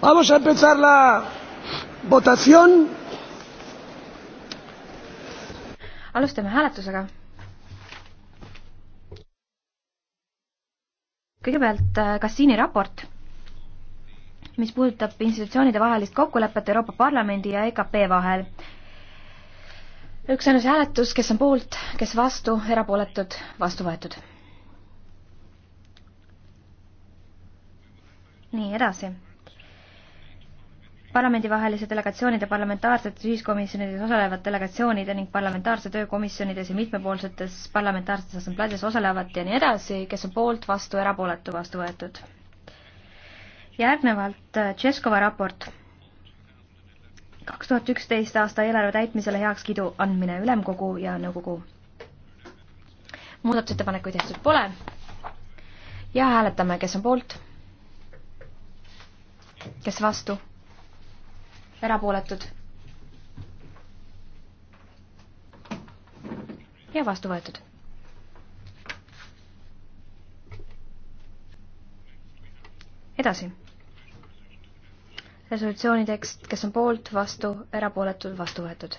Vamos a empezar la votación. alustame hääletusega. kõigepealt Kassiini äh, raport, mis puudutab institutsioonide vahelist kokkulepet Euroopa Parlamendi ja EKP vahel. üksainus hääletus, kes on poolt, kes vastu, erapooletud, vastu võetud. nii, edasi parlamendivahelise delegatsioonide parlamentaarsetes ühiskomisjonides osalevad delegatsioonide ning parlamentaarse töö komisjonides ja mitmepoolsetes parlamentaarsetes assambleedes osalevad ja nii edasi, kes on poolt, vastu, erapooletu, vastu võetud. järgnevalt äh, Tšeskova raport. kaks tuhat üksteist aasta eelarve täitmisele heakskiidu andmine Ülemkogu ja Nõukogu. muudatusettepanekuid tehtud pole ja hääletame, kes on poolt, kes vastu erapooletud ja vastu võetud. edasi. resolutsiooni tekst, kes on poolt, vastu, erapooletud, vastu võetud.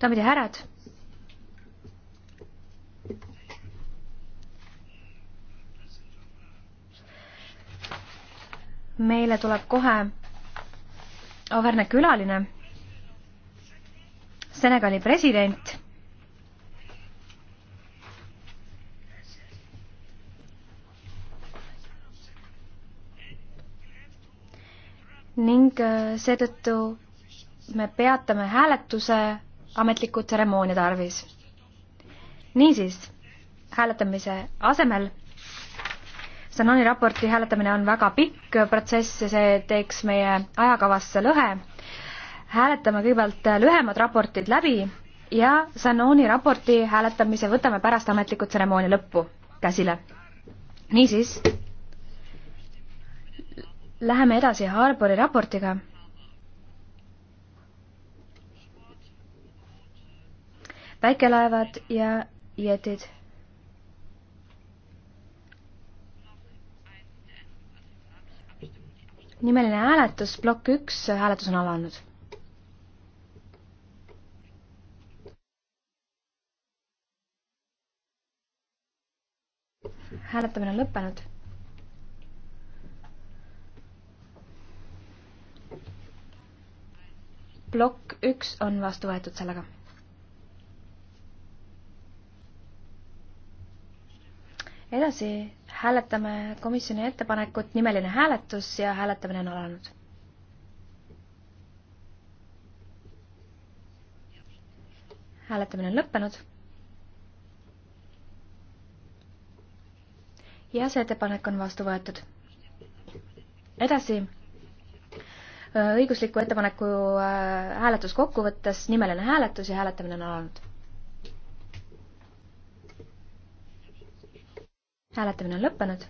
daamid ja härrad meile tuleb kohe auväärne külaline, Senegali president. ning äh, seetõttu me peatame hääletuse ametliku tseremoonia tarvis. niisiis, hääletamise asemel Sanani raporti hääletamine on väga pikk protsess ja see teeks meie ajakavasse lõhe. hääletame kõigepealt lühemad raportid läbi ja Sanoni raporti hääletamise võtame pärast ametliku tseremoonia lõppu käsile. niisiis, läheme edasi Harbori raportiga. väikelaevad ja ietid nimeline hääletus, plokk üks, hääletus on alanud. hääletamine on lõppenud. plokk üks on vastu võetud sellega. edasi hääletame komisjoni ettepanekut, nimeline hääletus ja hääletamine on alanud. hääletamine on lõppenud. ja see ettepanek on vastu võetud. edasi, õigusliku ettepaneku äh, hääletus kokkuvõttes, nimeline hääletus ja hääletamine on alanud. hääletamine on lõppenud.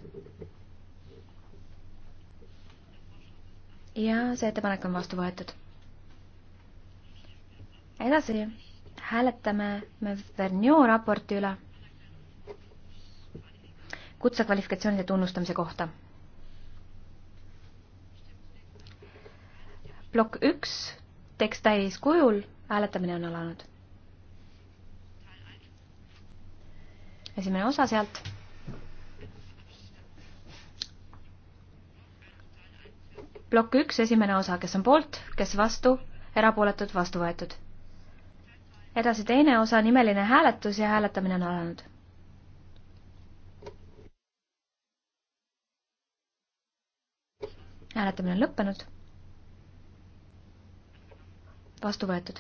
ja see ettepanek on vastu võetud. edasi hääletame me Vernio raporti üle kutsekvalifikatsioonide tunnustamise kohta. plokk üks, tekst täis kujul, hääletamine on alanud. esimene osa sealt plokk üks, esimene osa, kes on poolt, kes vastu, erapooletud, vastu võetud. edasi teine osa, nimeline hääletus ja hääletamine on alanud. hääletamine on lõppenud. vastu võetud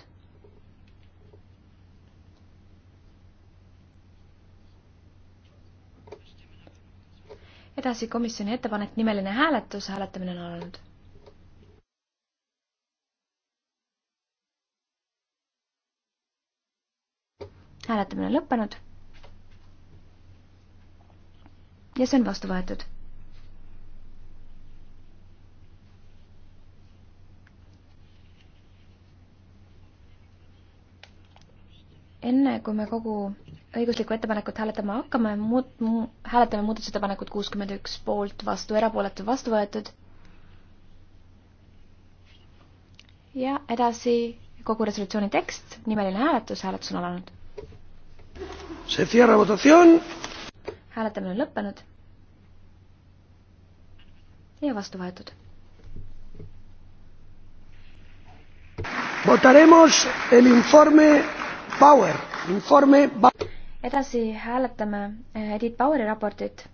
edasi komisjoni ettepanek nimeline hääletus, hääletamine on alanud. hääletamine on lõppenud. ja see on vastu võetud. enne kui me kogu õiguslikku ettepanekut hääletama hakkame, muud mu,, hääletame muudatusettepanekut kuuskümmend üks poolt, vastu, erapooletu, vastu võetud. ja edasi kogu resolutsiooni tekst, nimeline hääletus, hääletus on alanud hääletamine on lõppenud ja vastu võetud. Votaremos el informe Bauer, informe Bauer. edasi hääletame eh, Edith Baueri raportit.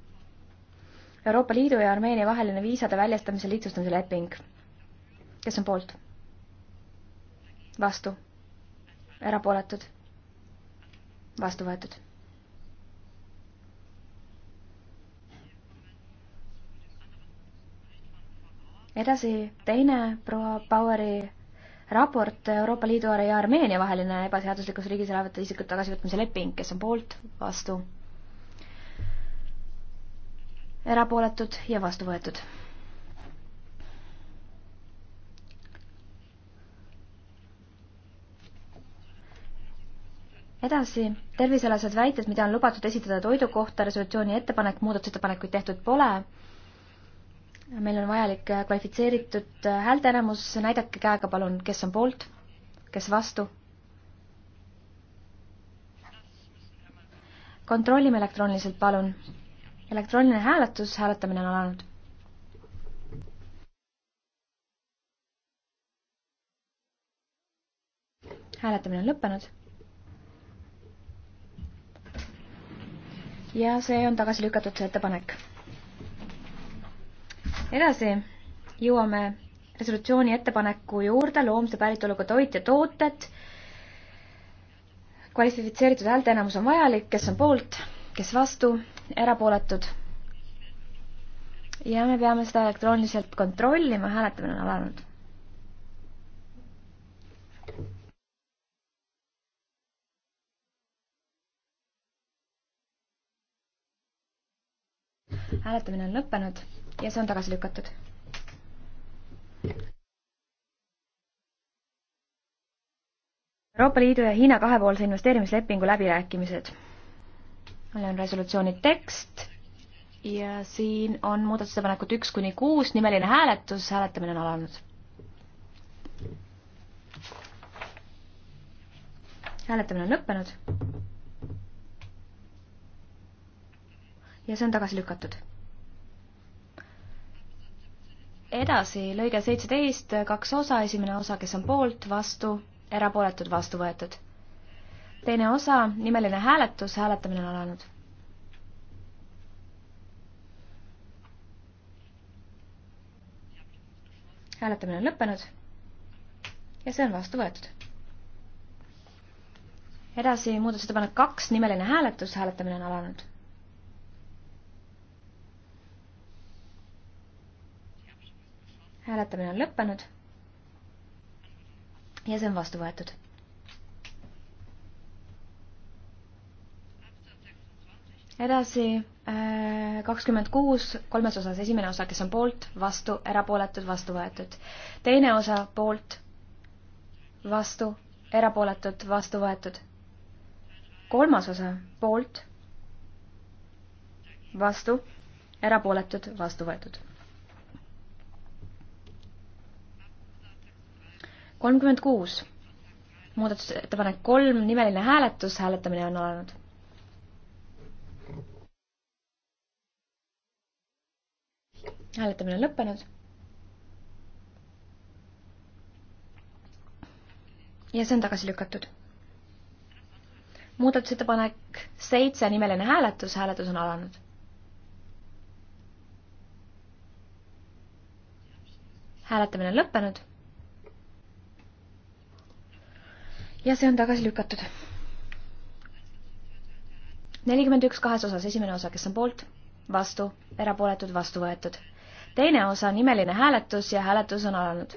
Euroopa Liidu ja Armeenia vaheline viisade väljastamise lihtsustamise leping. kes on poolt? vastu? erapooletud? vastu võetud. edasi teine proua Baueri raport Euroopa Liidu ja Armeenia vaheline ebaseaduslikus riigis elavate isikute tagasivõtmise leping, kes on poolt, vastu, erapooletud ja vastu võetud edasi, tervisealased väited, mida on lubatud esitada toidu kohta, resolutsiooni ettepanek, muudatusettepanekuid tehtud pole. meil on vajalik kvalifitseeritud häälteenamus, näidake käega palun, kes on poolt, kes vastu. kontrollime elektrooniliselt, palun. elektrooniline hääletus, hääletamine on alanud hääletamine on lõppenud ja see on tagasi lükatud, see ettepanek. edasi jõuame resolutsiooni ettepaneku juurde loomse päritoluga toit ja tooted. kvalifitseeritud häälteenamus on vajalik, kes on poolt, kes vastu, erapooletud. ja me peame seda elektrooniliselt kontrollima, hääletamine on alanud hääletamine on lõppenud ja see on tagasi lükatud. Euroopa Liidu ja Hiina kahepoolse investeerimislepingu läbirääkimised. meil on resolutsiooni tekst ja siin on muudatusettepanekud üks kuni kuus, nimeline hääletus, hääletamine on alanud. hääletamine on lõppenud ja see on tagasi lükatud. edasi, lõige seitseteist, kaks osa, esimene osa, kes on poolt, vastu, erapooletud, vastu võetud. teine osa, nimeline hääletus, hääletamine on alanud. hääletamine on lõppenud ja see on vastu võetud. edasi muudatusettepanek kaks, nimeline hääletus, hääletamine on alanud hääletamine on lõppenud. ja see on vastu võetud. edasi äh, kakskümmend kuus, kolmes osas esimene osa, kes on poolt, vastu, erapooletud, vastu võetud. teine osa poolt, vastu, erapooletud, vastu võetud. kolmas osa poolt, vastu, erapooletud, vastu võetud kolmkümmend kuus. muudatusettepanek kolm, nimeline hääletus, hääletamine on alanud. hääletamine on lõppenud. ja see on tagasi lükatud. muudatusettepanek seitse, nimeline hääletus, hääletus on alanud. hääletamine on lõppenud ja see on tagasi lükatud. nelikümmend üks kahes osas, esimene osa, kes on poolt, vastu, erapooletud, vastu võetud. teine osa, nimeline hääletus ja hääletus on alanud.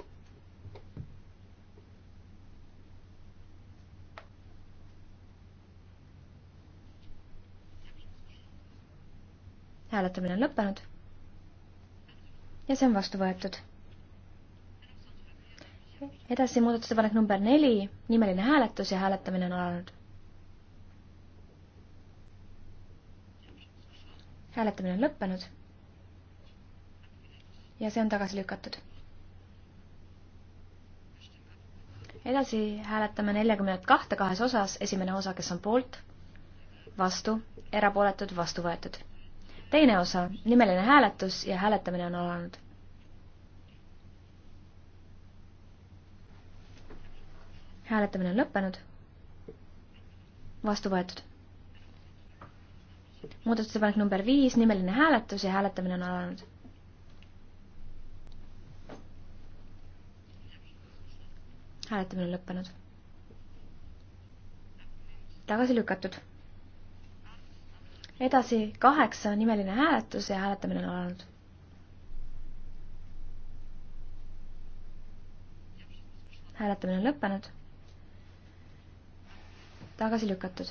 hääletamine on lõppenud ja see on vastu võetud edasi muudatusettepanek number neli, nimeline hääletus ja hääletamine on alanud. hääletamine on lõppenud. ja see on tagasi lükatud. edasi hääletame neljakümnet kahte kahes osas, esimene osa, kes on poolt, vastu, erapooletud, vastu võetud. teine osa, nimeline hääletus ja hääletamine on alanud. hääletamine on lõppenud. vastu võetud. muudatusettepanek number viis, nimeline hääletus ja hääletamine on alanud. hääletamine on lõppenud. tagasi lükatud. edasi kaheksa, nimeline hääletus ja hääletamine on alanud hääletamine on lõppenud tagasi lükatud.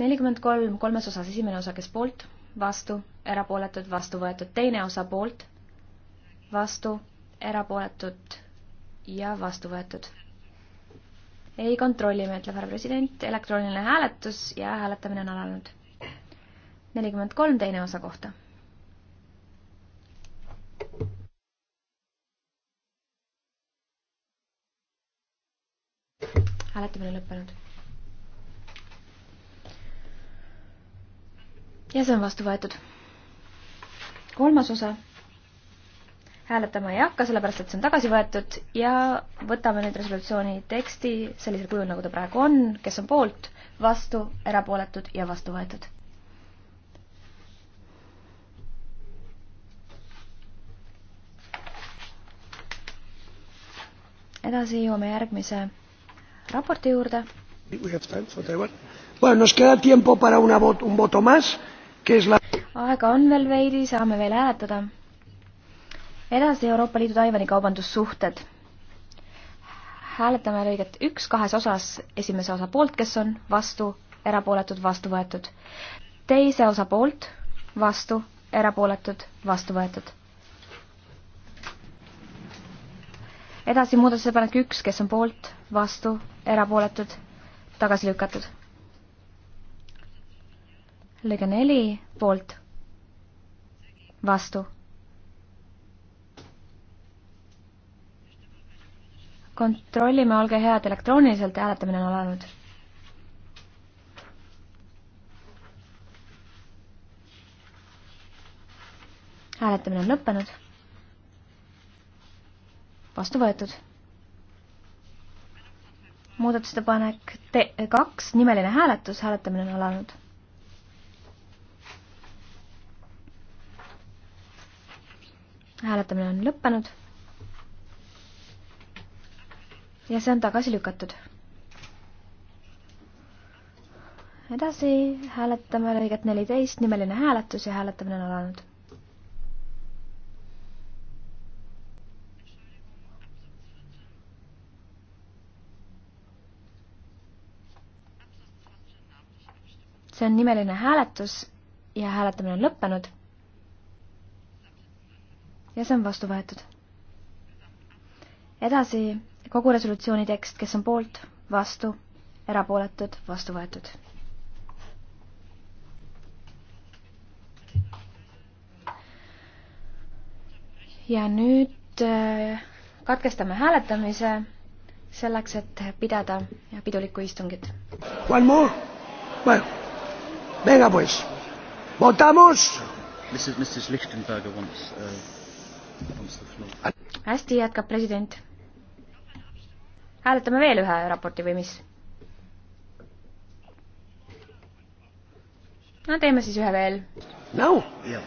nelikümmend kolm kolmes osas, esimene osa, kes poolt, vastu, erapooletud, vastu võetud, teine osa poolt, vastu, erapooletud ja vastu võetud. ei kontrollime, ütleb härra president, elektrooniline hääletus ja hääletamine on alanud. nelikümmend kolm teine osa kohta hääletamine lõppenud. ja see on vastu võetud. kolmas osa. hääletama ei hakka, sellepärast et see on tagasi võetud ja võtame nüüd resolutsiooni teksti sellisel kujul, nagu ta praegu on, kes on poolt, vastu, erapooletud ja vastu võetud. edasi jõuame järgmise raporti juurde. aega on veel veidi, saame veel hääletada. edasi Euroopa Liidu Taiwan'i kaubandussuhted. hääletame lõiget üks kahes osas, esimese osa poolt, kes on vastu, erapooletud, vastu võetud. teise osa poolt, vastu, erapooletud, vastu võetud edasi muudatusettepanek üks, kes on poolt, vastu, erapooletud, tagasi lükatud. lõige neli, poolt, vastu. kontrollime, olge head, elektrooniliselt hääletamine on alanud hääletamine on lõppenud vastu võetud. muudatusettepanek te-, kaks, nimeline hääletus, hääletamine on alanud. hääletamine on lõppenud. ja see on tagasi lükatud. edasi hääletame lõiget neliteist, nimeline hääletus ja hääletamine on alanud see on nimeline hääletus ja hääletamine on lõppenud. ja see on vastu võetud. edasi kogu resolutsiooni tekst, kes on poolt, vastu, erapooletud, vastu võetud. ja nüüd äh, katkestame hääletamise selleks, et pidada pidulikku istungit. One more? Well. Venga pues, votamos. Mrs. Mrs. Lichtenberger wants, uh, wants the floor. hästi, jätkab president. hääletame veel ühe raporti või mis? no teeme siis ühe veel. no yeah,.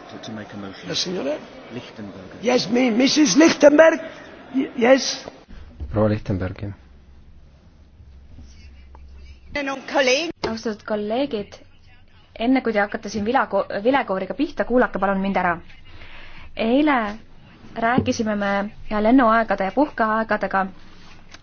Yes, me, Mrs Lichtenberg, yes. proua Lichtenberg. austatud kolleegid, enne kui te hakkate siin vila, vilekooriga pihta, kuulake palun mind ära. eile rääkisime me lennuaegade ja puhkeaegadega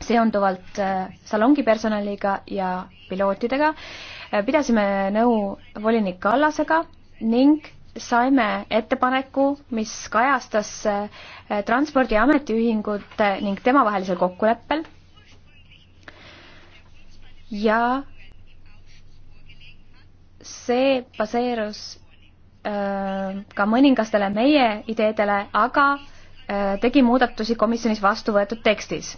seonduvalt äh, salongi personaliga ja pilootidega. Äh, pidasime nõu volinik Kallasega ning saime ettepaneku, mis kajastas äh, Transpordi Ametiühingute ning tema vahelisel kokkuleppel ja see baseerus äh, ka mõningastele meie ideedele, aga äh, tegi muudatusi komisjonis vastu võetud tekstis.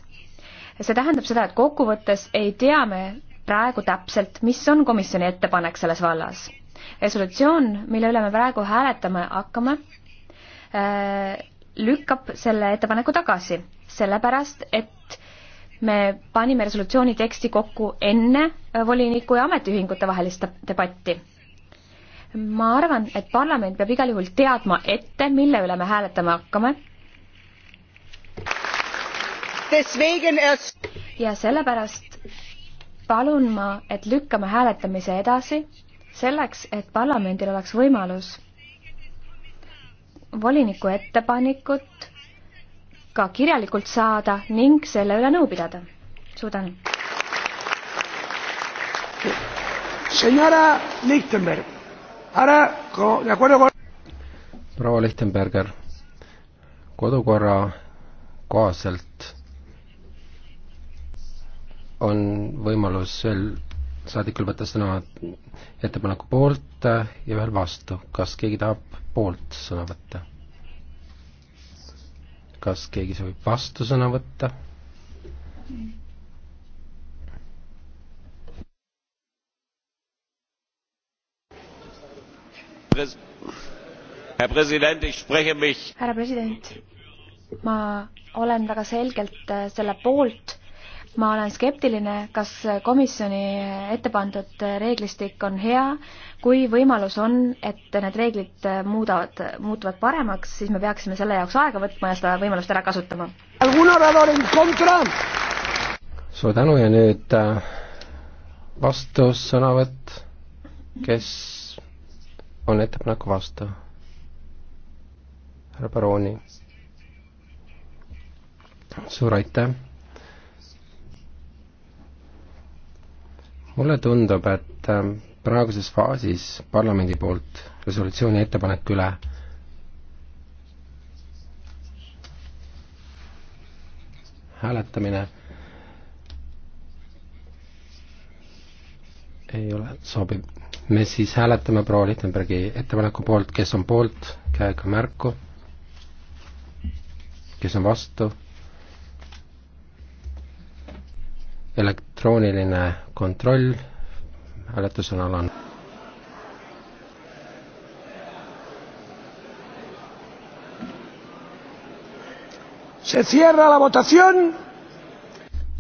see tähendab seda, et kokkuvõttes ei tea me praegu täpselt, mis on komisjoni ettepanek selles vallas. resolutsioon, mille üle me praegu hääletama hakkame, äh, lükkab selle ettepaneku tagasi, sellepärast et me panime resolutsiooni teksti kokku enne voliniku ja ametiühingute vahelist debatti ma arvan, et parlament peab igal juhul teadma ette, mille üle me hääletama hakkame. ja sellepärast palun ma, et lükkame hääletamise edasi, selleks et parlamendil oleks võimalus voliniku ettepanekut ka kirjalikult saada ning selle üle nõu pidada. suur tänu. Senora Lichtenberg proua Lichtenberger, kodukorra kohaselt on võimalus veel saadikul võtta sõna ettepaneku poolt ja ühel vastu. kas keegi tahab poolt sõna võtta? kas keegi soovib vastu sõna võtta? härra president, ma olen väga selgelt äh, selle poolt. ma olen skeptiline, kas komisjoni äh, ette pandud äh, reeglistik on hea. kui võimalus on, et need reeglid muudavad, muutuvad paremaks, siis me peaksime selle jaoks aega võtma ja seda võimalust ära kasutama. suur tänu ja nüüd vastussõnavõtt, kes on ettepaneku vastu? härra Baroni. suur aitäh. mulle tundub, et ähm, praeguses faasis parlamendi poolt resolutsiooni ettepanek üle hääletamine ei ole sobiv me siis hääletame proua Littenbergi ettepaneku poolt, kes on poolt, käega märku, kes on vastu. elektrooniline kontroll, hääletus on alanud.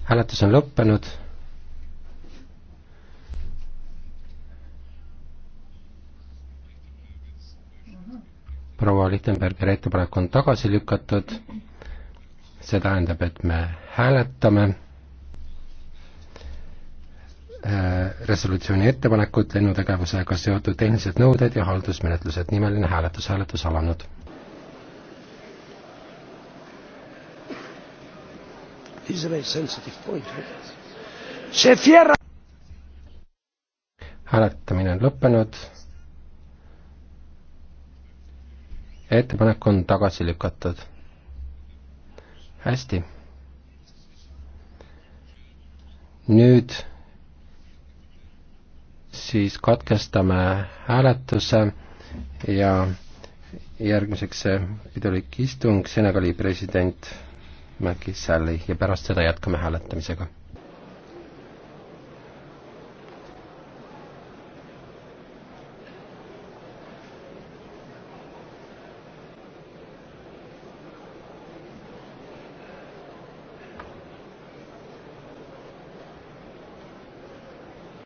hääletus on lõppenud proua Lichtenbergeri ettepanek on tagasi lükatud, see tähendab, et me hääletame äh, resolutsiooni ettepanekut lennutegevusega seotud tehnilised nõuded ja haldusmenetlused, nimeline hääletus, hääletus alanud. hääletamine on lõppenud ettepanek on tagasi lükatud. hästi. nüüd siis katkestame hääletuse ja järgmiseks pidulik istung Senegali president Macky Salli ja pärast seda jätkame hääletamisega